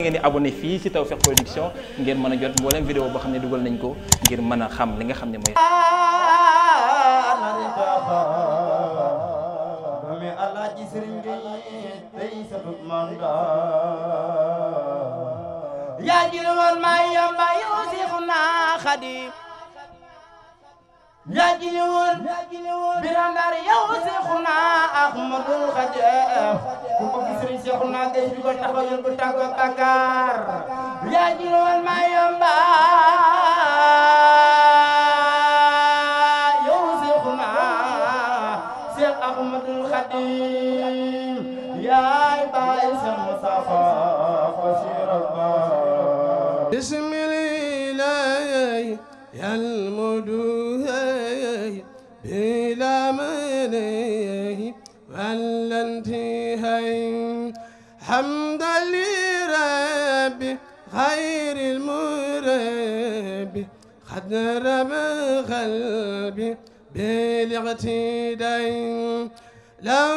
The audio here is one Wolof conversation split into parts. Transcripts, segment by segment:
ngeen di abonné fii ci Tawfekh Production ngeen mën a jot mboolem vidéo dugal ko ngir mën a xam li nga xam ne mooy doomi Alaaji Sëriñ may yamba yow si xuna xadim ñaajili woon birandaar yow Seexuna Ahmadul Xadim ku ko gis Sëriñ Seexuna ngay bi ko taxaw yéen ko tàgg ak bàkkaar ñaajili woon maa yomba yow Seexuna Seex Ahmadul Xadim yaay baay sa Mustafa xasiral ba bismillah yal mudu قدر من قلبي بالاعتداء لو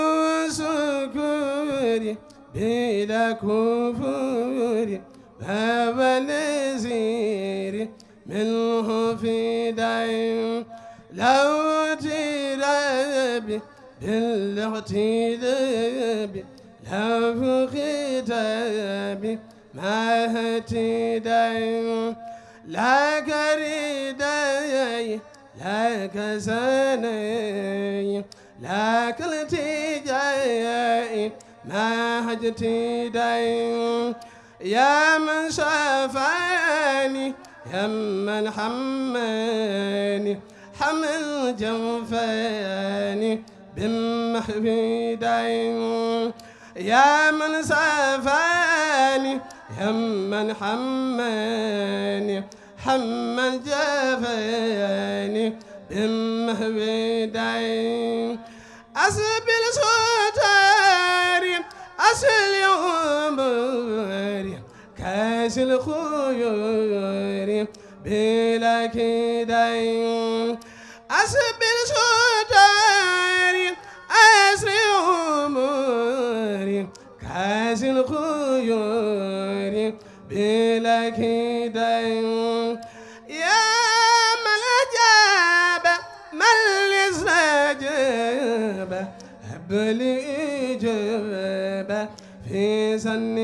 سكوري بلا كفور فهو نزير منه في داء لو ترابي بالاعتداء لو خطابي ما اهتداء لك رداي لك سناي لك التجاي ما هجتي داي يا من شفاني يا من حماني حمل جنفاني بمحبي داي يا من سافاني يا من حماني حما جافيني بمهبدين أسب السوتاري أسل يومري كاس الخيور بلا كدين أسب السوتاري أسل يومري كاس الخيور إليك دين يا من أجاب من لسجاب هب لي إجابة في سن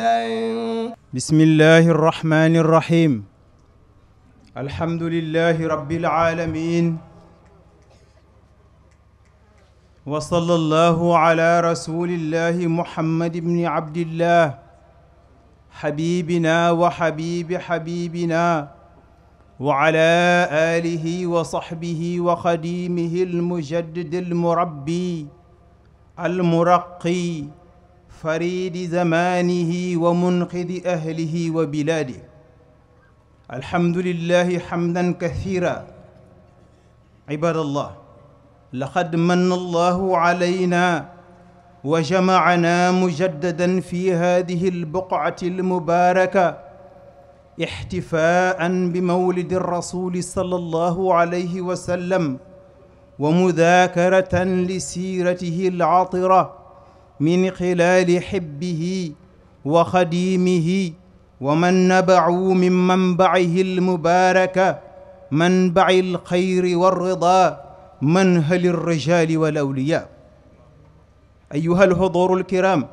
دين بسم الله الرحمن الرحيم الحمد لله رب العالمين وصلى الله على رسول الله محمد بن عبد الله xabibina wa xabibi xabibina wa ala alihi wa saxbihi wa xadimihi almujaddid almurabbi almuraqi faridi zamanihi wa munqidi ahlihi wa bilaadihi alhamdulillahi xamdan kacira ibadallah laqad manna allahu alayna wa jamacanaa mujaddadan fi haadihi albuqcati almubaaraka ixtifaa'an bi mawlidi rasuuli sala allahu alayhi wa sallam wa mudaakaratan li siiratihi alcaatira min xilaali xibbihi wa xadiimihi wa man nabacuu min manbacihi almubaaraka manbaci alxayri walridaa manhali alrijaali walawliyaa أيها الحضور الكرام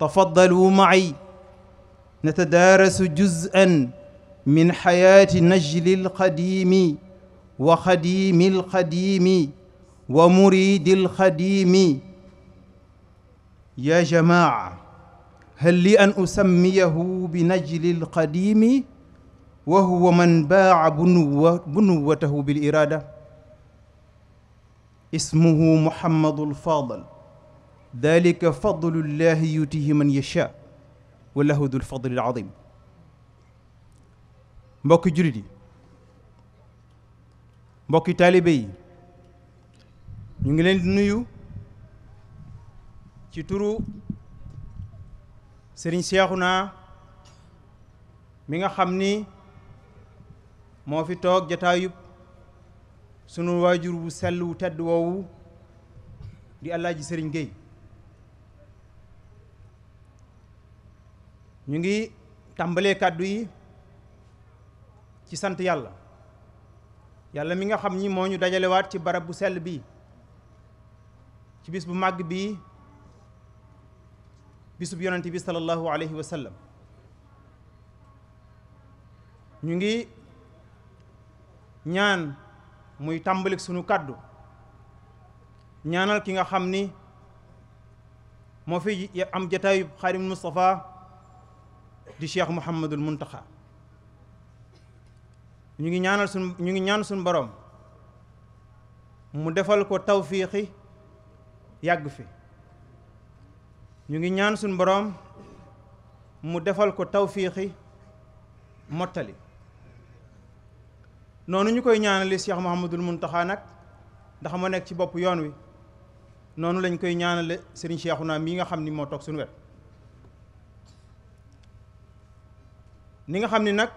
تفضلوا معي نتدارس جزءا من حياة نجل القديم وخديم القديم ومريد الخديم يا جماعة هل لي أن أسميه بنجل القديم وهو من باع بنوة بنوته بالإرادة اسمه محمد الفاضل dalika fadlullahi yutihi man yasha wallahu dul fadlil azim mbokki julit yi mbokki taalibe yi ñu ngi leen di nuyu ci turu sëriñ naa mi nga xam ni moo fi toog jataayub sunu waajur wu sell wu tedd woowu di Alaaji Sëriñ Géey ñu ngi tàmbalee kàddu yi ci sant yàlla yàlla mi nga xam ni moo ñu dajalewaat ci barab bu sell bi ci bis bu màgg bi bisub yonente bi sallallahu alayhi wa sallam ñu ngi ñaan muy tàmbalik sunu kàddu ñaanal ki nga xam ni moo fi am jataayu xaadim Moustapha di cheikh Mouhamadul Muntaxa ñu ngi ñaanal suñ ñu ngi ñaan suñ borom mu defal ko tawfiixi yàgg fi ñu ngi ñaan suñ borom mu defal ko tawfiixi mottali noonu ñu koy ñaanali cheikh Mouhamadul Muntaxa nag ndax ma nekk ci bopp yoon wi noonu lañ koy ñaanale sëriñ Cheikhouna mii nga xam ni moo toog suñu wet ni nga xam ni nag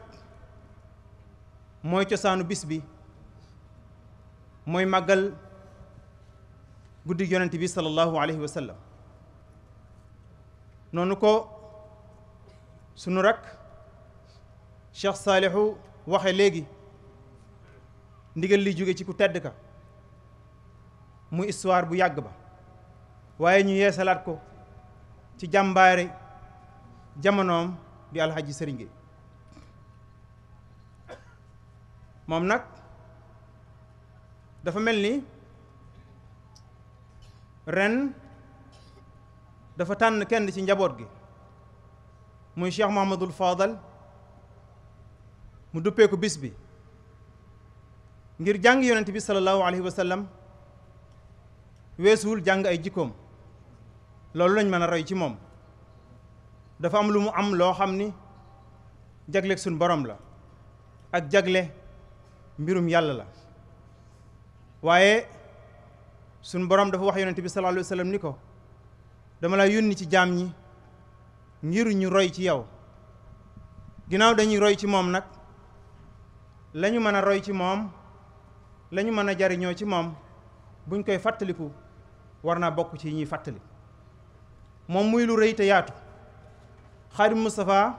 mooy cosaanu bis bi mooy màggal guddi yonent bi sallallahu alayhi wa sallam noonu ko sunu rak Cheikh Saalihu waxe léegi ndigal li jóge ci ku tedd ka mu histoire bu yàgg ba waaye ñu yeesalaat ko ci jàmbaare jamonoom di alxaji sëriñ Gueye moom nag dafa mel ni ren dafa tànn kenn ci njaboot gi muy Cheikh Mouhamadul Fadal mu duppee ko bis bi ngir jàng yonent bi sallallahu alayhi wa sallam weesuwul jàng ay jikkoom loolu lañ mën a roy ci moom dafa am lu mu am loo xam ni jagleeg suñ borom la ak jagle mbirum yàlla la waaye suñ borom dafa wax yonent bi sallallahu alayhi wa sallam ni ko dama la yónni ci jaam ñi ngir ñu roy ci yow ginnaaw dañuy roy ci moom nag lañu mën a roy ci moom lañu mën a jariñoo ci moom buñ koy fàttaliku war naa bokk ci ñuy fàttali moom muy lu rëy te yaatu Xaadim Moustapha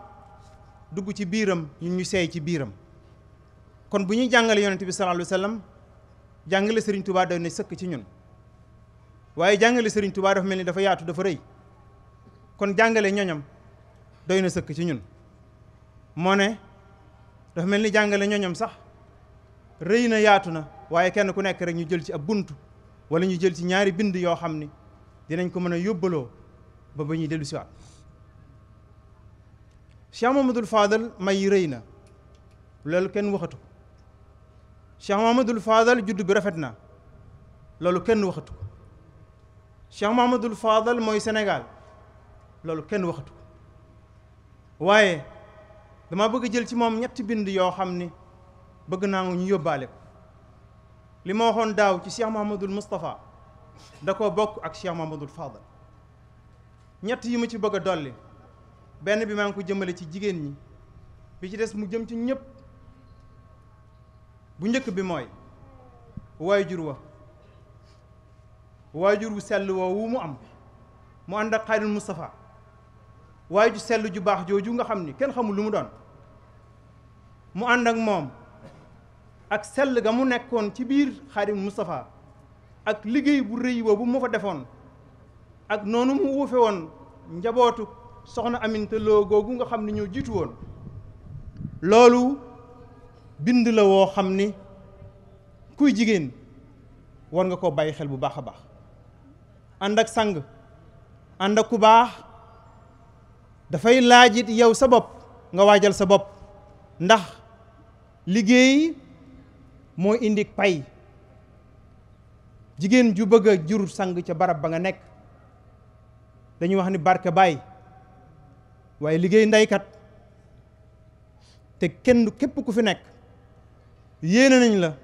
dugg ci biiram ñun ñu seey ci biiram kon bu ñuy jàngale yonent bi sallallahu alayhi jàngale sëriñ Touba doy na sëkk ci ñun waaye jàngale sëriñ Touba dafa mel ni dafa yaatu dafa rëy kon jàngale ñoñam doy na sëkk ci ñun moo ne dafa mel ni jàngale ñoñam sax rëy na yaatu na waaye kenn ku nekk rek ñu jël ci ab bunt wala ñu jël ci ñaari bind yoo xam ni dinañ ko mën a yóbbaloo ba ba ñuy dellu siwaat Cheikh Mamadou Fadal may yi rëy na loolu kenn waxatu Cheikh Mahamadul Fadal juddu bi rafet na loolu kenn waxatu ko Cheikh Mahamadul Fadal mooy Sénégal loolu kenn waxatu ko waaye dama bëgg jël ci moom ñetti bind yoo xam ni bëgg naa ñu yóbbaale ko li ma waxoon daaw ci Cheikh Mahamadul Moustapha da koo bokk ak Cheikh Mahamadul Fadal ñett yi ma ci bëgg a dolli benn bi maa ngi ko jëmmale ci jigéen ñi bi ci des mu jëm ci ñëpp. bu njëkk bi mooy waajur wa waajur wu sell woowu mu am mu ànd ak xayrul Mustafa waaye ju sell ju baax jooju nga xam ni kenn xamul lu mu doon mu ànd ak moom ak sell ga mu nekkoon ci biir xaadim Moustapha ak liggéey bu rëy boobu mu fa defoon ak noonu mu wuufe woon njabootu soxna Aminta Lo googu nga xam ni ñoo jiitu woon loolu bind la woo xam ni kuy jigéen war nga koo bàyyi xel bu baax a baax ànd ak sang ànd ak ku baax dafay laajit yow sa bopp nga waajal sa bopp ndax liggéey moo indi ak pay jigéen ju bëgg a jur sang ca barab ba nga nekk dañuy wax ni barke baay waaye liggéey ndeykat te kenn képp ku fi nekk yéene nañ la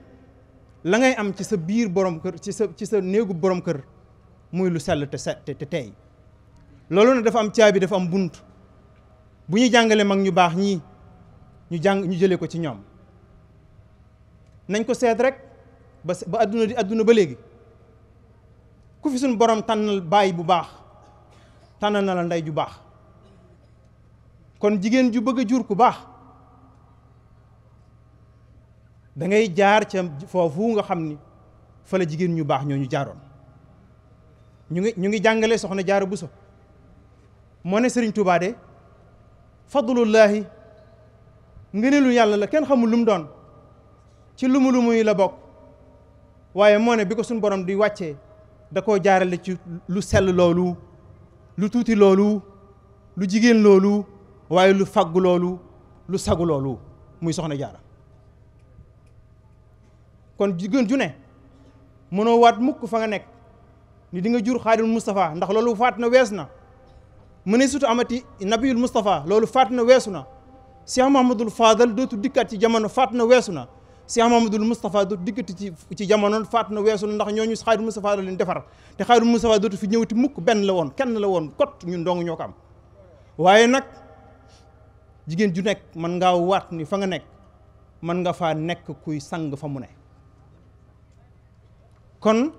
la ngay am ci sa biir borom kër ci sa ci sa néegu borom kër muy lu sell te set te tey loolu nag dafa am caabi dafa am bunt bu ñu jàngalee mag ñu baax ñii ñu jàng ñu jëlee ko ci ñoom nañ ko seet rek ba ba àdduna di àdduna ba léegi ku fi suñ borom tànnal baay bu baax tànnal na la ndey ju baax kon jigéen ju bëgg a jur ku baax dangay ngay jaar ca foofu nga xam ni fa la jigéen ñu baax ñoo ñu jaaroon ñu ngi ñu ngi jàngale soxna jaara buso moo ne sëriñ Tuubaa de fadlullaahi ngëneelu yàlla la kenn xamul lu doon ci lumu lumu yi la bokk waaye moo ne bi ko suñ borom di wàccee da koo jaarale ci lu sel loolu lu tuuti loolu lu jigéen loolu waaye lu fag loolu lu sagu loolu muy soxna jaara kon jigéen ju ne mënoo waat mukk fa nga nekk ni di nga jur xaadimul Moustapha ndax loolu faat na wees na mu ne surtout amati nabiyul Moustapha loolu faat na weesu na Cheikh Mahamadul Fadal dootu dikkaat ci jamono faat na weesu na Cheikh Mahamadul Moustapha dootu dikkati ci ci jamono faat na weesu na ndax ñooñu xaadimul Moustapha la leen defar te xaadimul Moustapha dootu fi ti mukk benn la woon kenn la woon kot ñu dong ñoo ko am waaye nag jigéen ju nekk mën ngaa waat ni fa nga nekk mën nga faa nekk kuy sang fa mu ne kon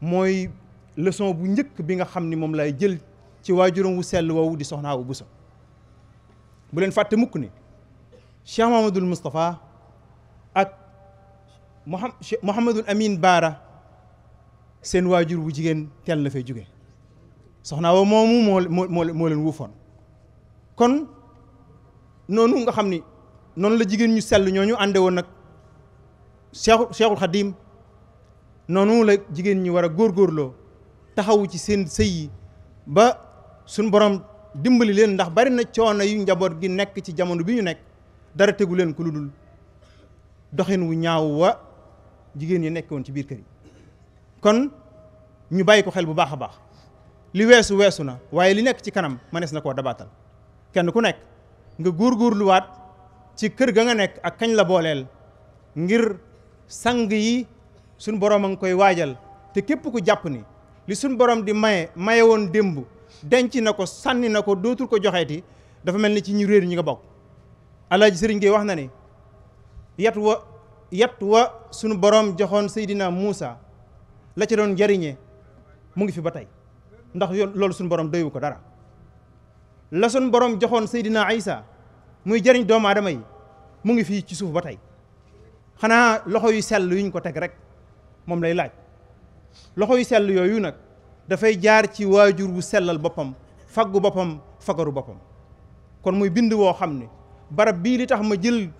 mooy leçon bu njëkk bi nga xam ni moom laay jël ci waajuram wu sell woowu di soxnaa bu buso bu leen fàtte mukk ni Cheikh Mouhamadoul Moustapha ak Mouhamadoul Amine Baara seen waajur bu jigéen teel la fay jóge soxnaa woo moomu moo moo moo leen wuufoon kon noonu nga xam ni noonu la jigéen ñu sell ñooñu ànde woon nag Cheikhul Cheikhul noonu la jigéen ñi war a góorloo taxawu ci seen sëy yi ba suñ boroom dimbali leen ndax bari na coono yu njaboot gi nekk ci jamono bi ñu nekk dara tegu leen ku lu dul doxin wu ñaaw wa jigéen ñi nekkoon ci biir kër yi kon ñu bàyyi ko xel bu baax a baax li weesu weesu na waaye li nekk ci kanam mënees na koo dabaatal kenn ku nekk nga góor góorluwaat ci kër ga nga nekk ak kañ la booleel ngir sang yi suñ borom a ngi koy waajal te képp ko jàpp ni li suñ borom di maye maye woon démb denc na ko sànni na ko dootul ko joxeeti dafa mel ni ci ñu réer ñi nga bokk alaaji sëriñ Gueye wax na ni yat wa yat wa sunu borom joxoon Seydina Muusa la ca doon jariñe mu ngi fi ba tey ndax loolu suñu borom doywu ko dara la suñu borom joxoon Seydina Isa muy jariñ doomu adama yi mu ngi fii ci suuf ba tey xanaa loxo yu sell yuñ ko teg rek moom lay laaj loxo yu sell yooyu nag dafay jaar ci waajur wu sellal boppam fag boppam fagaru boppam kon muy bind woo xam ne barab bii li tax ma jël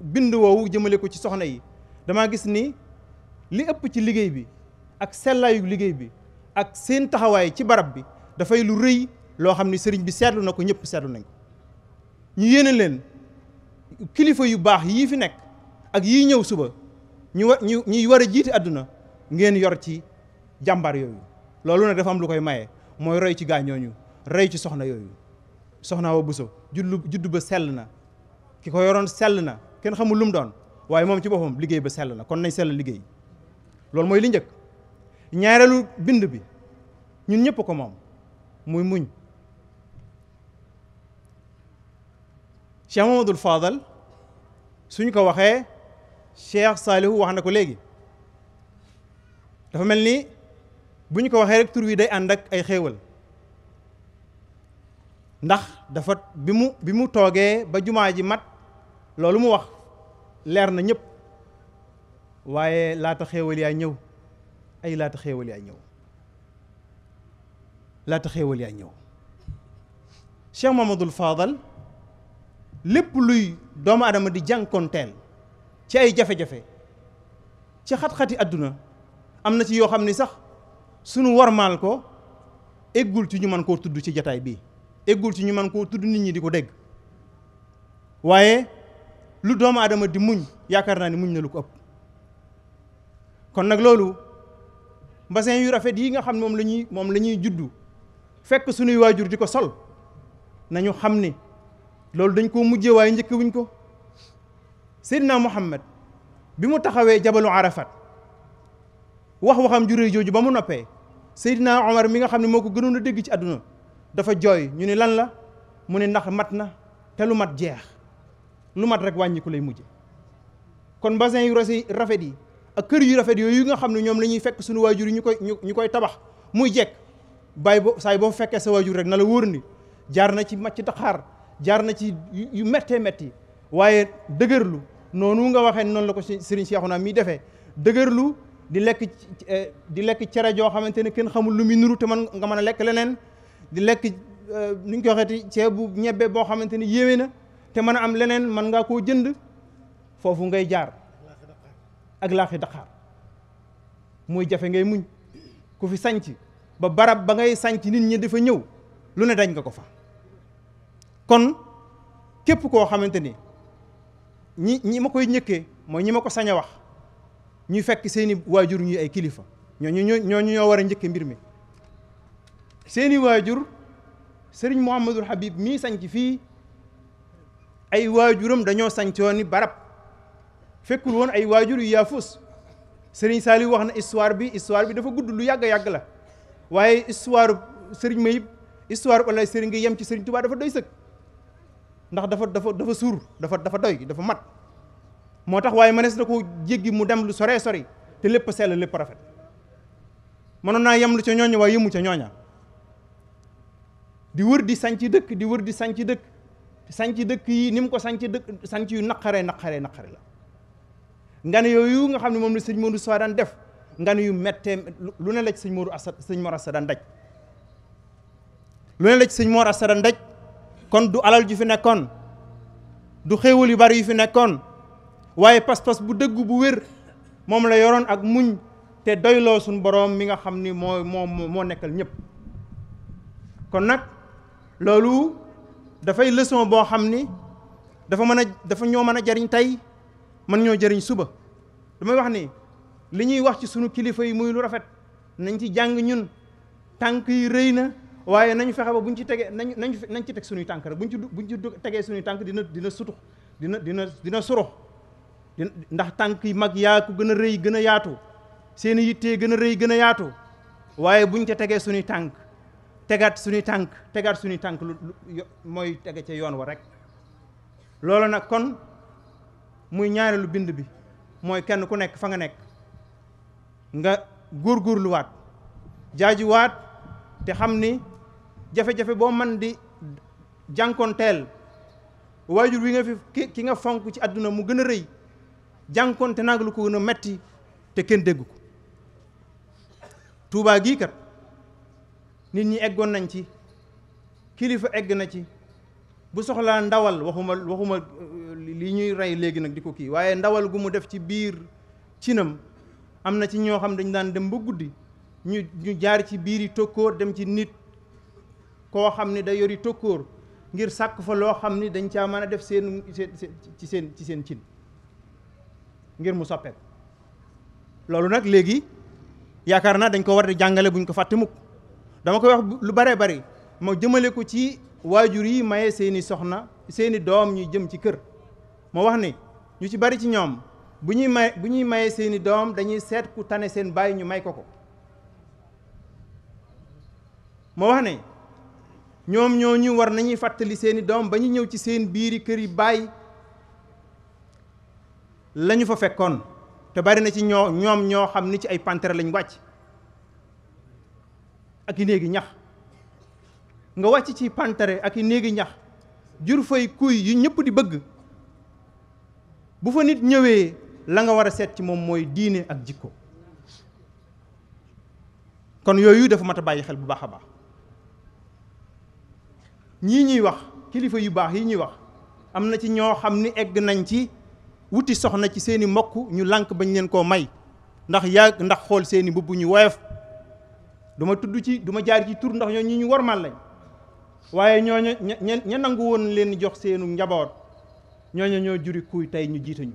bind woowu jëmale ko ci soxna yi dama gis ni li ëpp ci liggéey bi ak sellaayu liggéey bi ak seen taxawaay ci barab bi dafay lu rëy loo xam ne sëriñ bi seetlu na ko ñëpp seetlu nañ ko ñu yéene leen kilifa yu baax yii fi nekk ak yii ñëw suba ñu war ñuy war a jiite àdduna ngeen yor ci jàmbaar yooyu loolu nag dafa am lu koy maye mooy rey ci gaañooñu rey ci soxna yooyu soxna wa buso juddu juddu ba sell na ki ko yoroon sell na kenn xamul lu mu doon waaye moom ci boppam liggéey ba sell na kon nañ sell liggéey loolu mooy li njëkk ñaareelu bind bi ñun ñëpp ko moom muy muñ Cheikh Mamadou Fadal suñ ko waxee Cheikh Saalihu wax na ko léegi dafa mel ni bu ñu ko waxee rek tur wi day ànd ak ay xéewal ndax dafa bi mu bi mu toogee ba jumaa ji mat loolu mu wax leer na ñépp waaye laata xéewal yaa ñëw ay laata xéewal yaa ñëw laata xéewal yaa ñëw Cheikh Mamadul Fadal lépp luy doomu adama di jànkoonteel ci ay jafe-jafe ci xat-xati àdduna am na ci yoo xam ni sax sunu warmaal ko eggul ci ñu mën koo tudd ci jataay bi eggul ci ñu mën koo tudd nit ñi di ko dégg waaye lu doom aadama di muñ yaakaar naa ni muñ na lu ko ëpp kon nag loolu mbasin yu rafet yi nga xam ne moom lañuy moom lañuy juddu fekk sunuy waajur di ko sol nañu xam ni loolu dañ koo mujjee waaye njëkkewuñ ko seydina muhammad bi mu taxawee jabalu arafat wax waxam juré jooju ba mu noppee seydina omar mi nga xam ne moo ko gënoon a dégg ci àdduna dafa jooy ñu ni lan la mu ne ndax mat na te lu mat jeex lu mat rek wàññiku lay mujje kon basin yu rafet yi ak kër yu rafet yooyu nga xam ne ñoom la ñuy fekk suñu waajur yi ñu koy ñu koy tabax muy jekk bàyyi bo saay boo fekkee sa waajur rek na la wóor ni jaar na ci macc taxaar jaar na ci yu mett métti waaye dëgërlu noonu nga waxee noonu la ko Serigne Cheikhouna mi defee dëgërlu di lekk eh, di lekk cere joo xamante ne kenn xamul lu muy nuru te man nga mën a lekk leneen di lekk eh, ni ñu ko waxeeti ceebu ñebbe boo xamante ni yéeme na te mën a am leneen mën ngaa koo jënd foofu ngay jaar ak laaxi daqaar mooy jafe ngay muñ ku fi sañc ba barab ba ngay sanc nit ñi dafa ñëw lu ne dañ nga ko fa kon képp koo xamante ni ñi ñi ma koy njëkkee mooy ñi ma ko sañ a wax ñuy fekk seeni waajur ñuy ay kilifa ñooñu ñoo ñoo war a njëkke mbir mi seeni waajur sëriñ Mouhamadul Habib mii sañc fii ay waajuram dañoo sañcoon ni barab fekkul woon ay waajur yu yaafus sëriñ Saliou wax na histoire bi histoire bi dafa gudd lu yàgg yàgg la waaye histoire sëriñ Mayib histoire wala sëriñ ngi yem ci sëriñ Touba dafa day sëkk ndax dafa dafa dafa suur dafa dafa doy dafa mat moo tax waaye mënees na koo jéggi mu dem lu soree sori te lépp a sell lépp rafet mënoon naa yem lu ca ñooña waaye yëmu ca ñooña di wër di sañc dëkk di wër di sañc dëkk sanc dëkk yi ni mu ko sanc dëkk sanc yu naqaree naqaree naqare la nga ne yooyu nga xam ne moom la sëñ Modou Sow daan def nga yu mettee lu ne la ci sëñ Modou Assa sëñ Mor Assa daan daj lu ne sëñ Mor Assa daan daj kon du alal ju fi nekkoon du xéewal yu bari yu fi nekkoon waaye pas-pas bu dëgg bu wér moom la yoroon ak muñ te doyloo suñu boroom mi nga xam ni moo moo moo nekkal ñépp kon nag loolu dafay leçon boo xam ni dafa mën a dafa ñoo mën a jariñ tey mën ñoo jariñ suba damay wax ni li ñuy wax ci suñu kilifa yi muy lu rafet nañ ci jàng ñun tànk yi rëy na waaye nañu fexe ba buñ ci tegee nañ nañ nañ ci teg suñuy tànk rek buñ ci buñ ci tegee suñuy tànk dina dina sutux dina dina dina surux ndax tànk yi mag yaa ko gën a rëy gën a yaatu seeni yittee gën a rëy gën a yaatu waaye buñ ca tegee suñuy tànk tegaat suñuy tànk tegaat suñuy tànk lu mooy tege ca yoon wa rek loolu nag kon muy ñaareelu bind bi mooy kenn ku nekk fa nga nekk nga góorgóorluwaat jaajuwaat te xam ni jafe-jafe boo man di jànkonteel waajur wi nga fi ki nga fonk ci àdduna mu gën a rëy jànkonte nag lu ko gën a metti te kenn dégg ko tuubaa gii kat nit ñi eggoon nañ ci kilifa egg na ci bu soxlaa ndawal waxuma waxuma euh, li ñuy rey léegi nag di ko kii waaye ndawal gu mu def ci biir cinam am na ci ñoo xam dañ daan dem ba guddi ñu ñu jaar ci biir yi tokkoor dem ci nit koo xam ni da yori tokkóor ngir sàkk fa loo xam ni dañ caa mën a def seen ci seen ci seen cin ngir mu soppeek loolu nag léegi yaakaar naa dañ ko war di jàngale buñ ko fàtte mukk dama koy wax lu bare bari ma jëmale ko ci waajur yi maye seeni soxna seeni doom ñuy jëm ci kër moo wax ni ñu ci bari ci ñoom bu ñuy may bu ñuy maye seeni doom dañuy seet ku tane seen bàyyi ñu may ko ko ma wax ne ñoom ñoo ñooñu war nañuy fàttali seeni doom ba ñu ñëw ci seen biiri kër yi bàyyi lañu fa fekkoon te bari na ci ñoo ñoom ñoo xam ni ci ay pantere lañ wàcc ak i néegi ñax nga wàcc ci pantere ak i néegi ñax jur fay kuy yu ñëpp di bëgg bu fa nit ñëwee la nga war a seet ci moom mooy diine ak jikko kon yooyu dafa mat bàyyi xel bu baax a baax ñii ñuy wax kilifa yu baax yi ñuy wax am na ci ñoo xam ni egg nañ ci wuti soxna ci seeni mbokk ñu lànk bañ leen koo may ndax yàgg ndax xool seeni mbubb ñu woyof du ma tudd ci du jaar ci tur ndax ñoo ñi ñu wormal lañ waaye ñooñu ña ña nangu woon leen jox seenu njaboot ñooñu ñoo juri kuy tey ñu jiitañu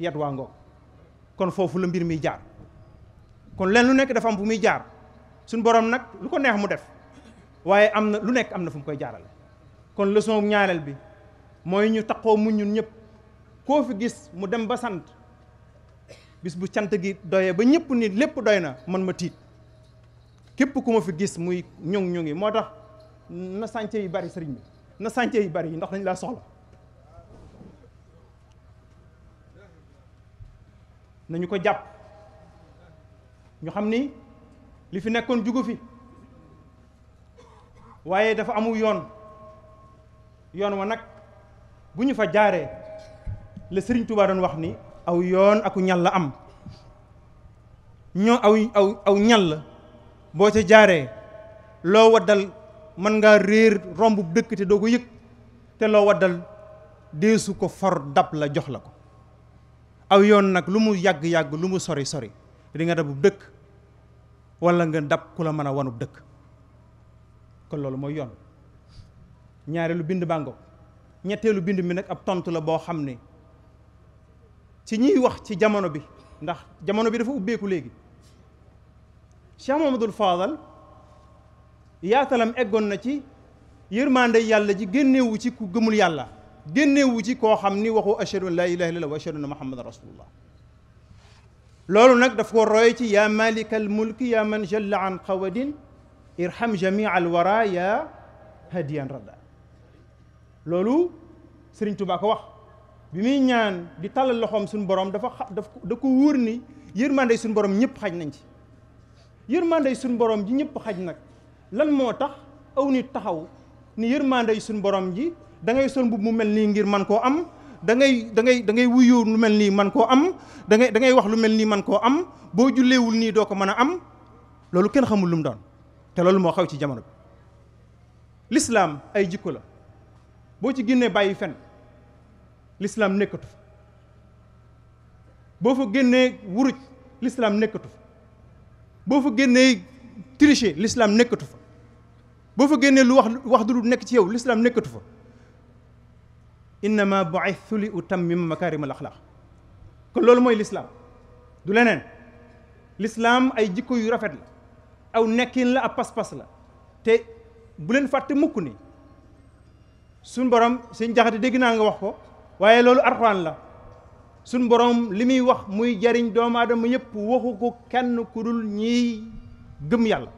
yat waa ngoog kon foofu la mbir mi jaar kon leen lu nekk dafa am bu muy jaar suñ borom nag lu ko neex mu def waaye am na lu nekk am na fu mu koy jaarale kon leçon ñaareel bi mooy ñu taqoo muñ ñun ñëpp koo fi gis mu dem ba sant bis bu cant gi doyee ba ñëpp ni lépp doy na man ma tiit képp ku ma fi gis muy ñoŋ ñoŋi moo tax na sànce yi bari sëriñ bi na sànce yi bari ndax dañ laa soxla nañu ko jàpp ñu xam ni li fi nekkoon jugu fi waaye dafa amul yoon yoon wa nag bu ñu fa jaaree la Sëriñ Tuubaa doon wax ni aw yoon aku ñal la am ñoo aw aw aw ñal boo ca jaaree loo waddal mën nga réer romb dëkk te doo ko yëg te loo waddal deesu ko for dab la jox la ko aw yoon nag lu mu yàgg-yàgg lu mu sori sori di nga dabub dëkk walla nga dab ku la mën a wanub dëkk ko loolu mooy yoon ñaareelu bind bàngo ñetteelu bind mi nag ab tontu la boo xam ne ci ñiy wax ci jamono bi ndax jamono bi dafa ubbeeku léegi Cheikh Mamadou Fadal yaatalam eggoon na ci yërmande yàlla ji génnewu ci ku gëmul yàlla génnewu ci koo xam ni waxu ashhadu an laa ilaaha illallah wa ashhadu anna muhammadan rasulullah loolu nag daf ko roy ci yaa malikal mulki yaa man jalla an qawadin irham jamii al wara ya hadiyan radda loolu sëriñ Tuubaa ko wax bi muy ñaan di tàllal loxoom suñu borom dafa xa daf da ko wóor ni yërmande suñu borom ñëpp xaj nañ ci yërmande suñu boroom ji ñëpp xaj nag lan moo tax aw nit taxaw ni yërmande suñu borom ji dangay ngay sol mbubb mu mel nii ngir man koo am da ngay da da ngay wuyu lu mel nii man koo am dangay ngay da ngay wax lu mel nii man koo am boo jullewul nii doo ko mën a am loolu kenn xamul lu mu doon te loolu moo xaw ci jamono bi lislaam ay jikko la boo ci génnee bàyyi fen lislaam nekkatu fa boo fa génnee wuruj lislaam nekkatu fa boo fa génnee tricher lislaam nekkatu fa boo fa génnee lu wax wax du lu nekk ci yow lislaam nekkatu fa innama bu'ithtu li utammima makarim al axlaq kon loolu mooy lislaam du leneen lislaam ay jikko yu rafet la aw nekkin la ab pas-pas la te bu leen fàtte mukk ni suñ borom suñ jaxate dégg naa nga wax ko waaye loolu arxuraan la suñ borom li muy wax muy jariñ doomu aadama yëpp waxu ko kenn ku dul ñiy gëm yàlla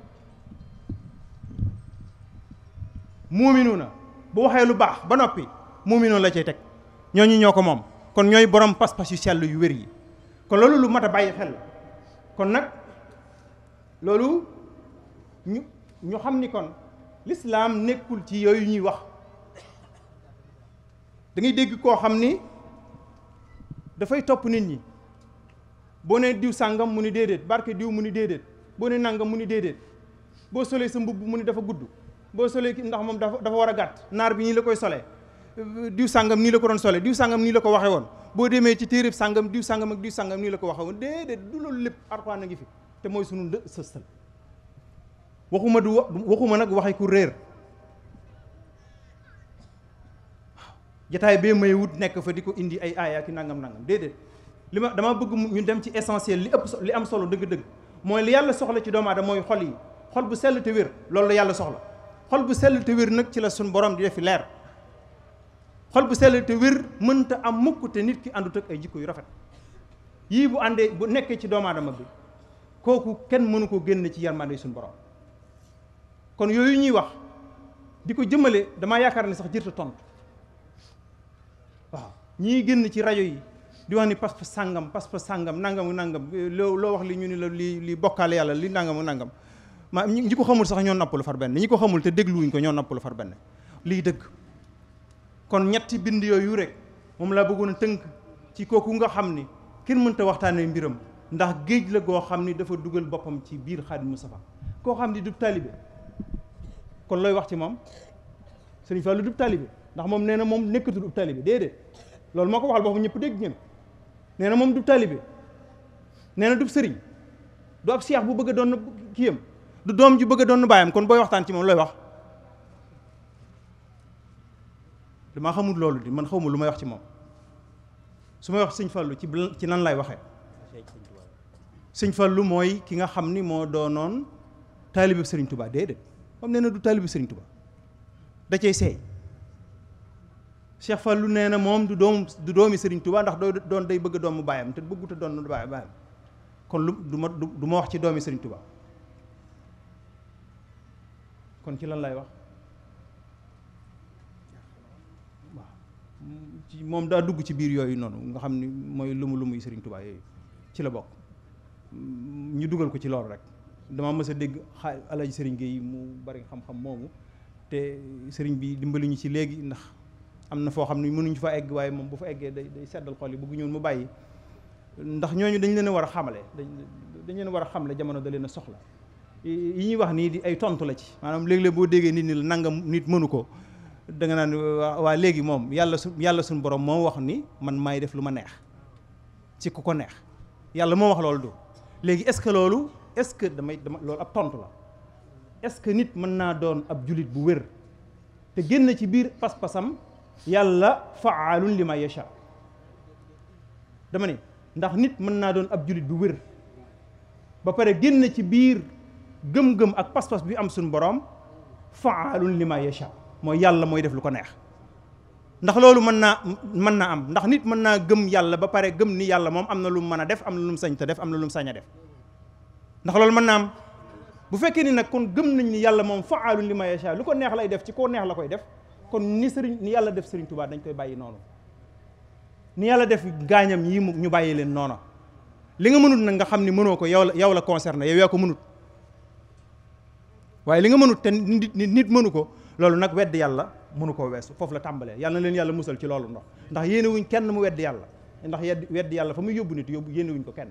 muuminu na bu waxee lu baax ba noppi muuminu la cay teg ñooñu ñoo ko moom kon ñooy borom pas-pas yu sell yu wér yi kon loolu lu mat a bàyyi xel kon nag loolu ñu ñu xam ni kon lislaam nekkul ci yooyu ñuy wax da ngay dégg koo xam ni dafay topp nit ñi boo nee diw sàngam mu ni déedéet barke diw mu ni déedéet boo ne nangam mu ni déedéet boo solee sa mbubb mu ni dafa gudd boo solee ndax moom dafa dafa war a gàtt naar bi nii la koy solee diw sàngam nii la ko doon solee diw sàngam nii la ko waxee woon boo demee ci téereb sàngam diw sàngam ak diw sàngam nii la ko waxee woon déedéet du loolu lépp Alxuraan a ngi fi te mooy sunu sëstal waxuma du waxuma nag waxee ku réer jataay bee may wut nekk fa di ko indi ay aaya ki nangam nangam déedéet li ma dama bëgg ñu dem ci essentiel li ëpp li am solo dëgg-dëgg mooy li yàlla soxla ci doomu aadama mooy xol yi xol bu sell te wér loolu la yàlla soxla xol bu sell te wér nag ci la suñ borom di fi leer xol bu sell te wér mënta am mukk te nit ki àndut ak ay jikko yu rafet yii bu àndee bu nekkee ci doomu aadama bi kooku kenn mënu ko génn ci yërmande suñu borom kon yooyu ñuy wax di ko jëmale dama yaakaar ne sax jërta tontu waaw ñii génn ci rajo yi di wax ni pas-pas sàngam pas-pas sàngam nangamu nangam eh, loo loo wax li ñu ni la li li bokkaale yàlla li nangamu nangam ma ñi ko xamul sax ñoo nappalu far benn ñu ko xamul te dégluwuñ ko ñoo nappalu far benn lii dëgg kon ñetti bind yooyu rek moom laa bëggoon a tënk ci kooku nga xam ni kenn mënta waxtaanee mbiram ndax géej la goo xam ni dafa dugal boppam ci biir Xaadimu Mustafaa koo xam ni du kon looy wax ci moom Serigne Fallou du taalibe ndax moom nee na moom nekkatul ub taalibe déedéet loolu moo ko waxal boppam ñëpp dégg ngeen nee na moom du taalibe nee na du sëriñ du ab seex bu bëgg a doon kiyam du doom ju bëgg a doon baayam kon booy waxtaan ci moom looy wax damaa xamul loolu di man xaw ma lu may wax ci moom su may wax sëñ Fallou ci ci nan lay waxee sëñ Fallou mooy ki nga xam ni moo doonoon taalibe Sëriñ Touba déedéet moom nee na du taalibu Sëriñ Tuubaa da cay seey Cheikh lu nee na moom du doom du doomi Sëriñ Tuubaa ndax doo doon day bëgg doomu baayam te bëgguta doon baayam kon lu du ma du ma wax ci doomi Sëriñ Tuubaa kon ci lan lay wax waaw ci moom daa dugg ci biir yooyu noonu nga xam ni mooy lumu lumu yi Sëriñ Tuubaa yooyu ci la bokk ñu dugal ko ci loolu rek dama mës a dégg xa Alaaji Sëriñ Gueye mu bari xam-xam moomu te sëriñ bi dimbali ñu ci léegi ndax am na foo xam ne mënuñu fa egg waaye moom bu fa eggee day day seddal xol yi bëgg ñoon mu bàyyi ndax ñooñu dañ leen a war a xamale dañ leen war a xamle jamono da leen soxla yi ñuy wax nii di ay tontu la ci maanaam léegi léeg boo déggee nit ni la nangam nit mënu ko da nga naan waa léegi moom yàlla su yàlla suñu borom moo wax ni man maay def lu ma neex ci ku ko neex yàlla moo wax loolu du léegi est loolu est-ce que damay dama loolu ab tontu la est-ce que nit mën naa doon ab julit bu wér te génn ci biir pas-pasam yàlla faalun li ma yasha dama ne ndax nit mën naa doon ab julit bu wér ba pare génn ci biir gëm-gëm ak pas-pas bi am suñu borom faalun li ma yasha mooy yàlla mooy def lu ko neex ndax loolu mën naa mën naa am ndax nit mën naa gëm yàlla ba pare gëm ni yàlla moom am na lu mën a def am na lu mu sañ te def am na lu mu sañ a def ndax loolu mën naam bu fekkee ni nag kon gëm nañ ni yàlla moom faalun li may yasha lu ko neex lay def ci koo neex la koy def kon ni sëriñ ni yàlla def sëriñ Tuubaa dañ koy bàyyi noonu ni yàlla def gaañam yi ñu bàyyi leen noona li nga mënut nag nga xam ni mënoo ko yow la yow la concerné yow yaa ko mënut waaye li nga mënut te nit nit mënu ko loolu nag wedd yàlla mënu koo weesu foofu la tàmbalee yàlla na leen yàlla musal ci loolu ndox ndax yéene wuñ kenn mu wedd yàlla ndax yedd wedd yàlla fa muy yóbbu nit yóbbu yéene wuñ ko kenn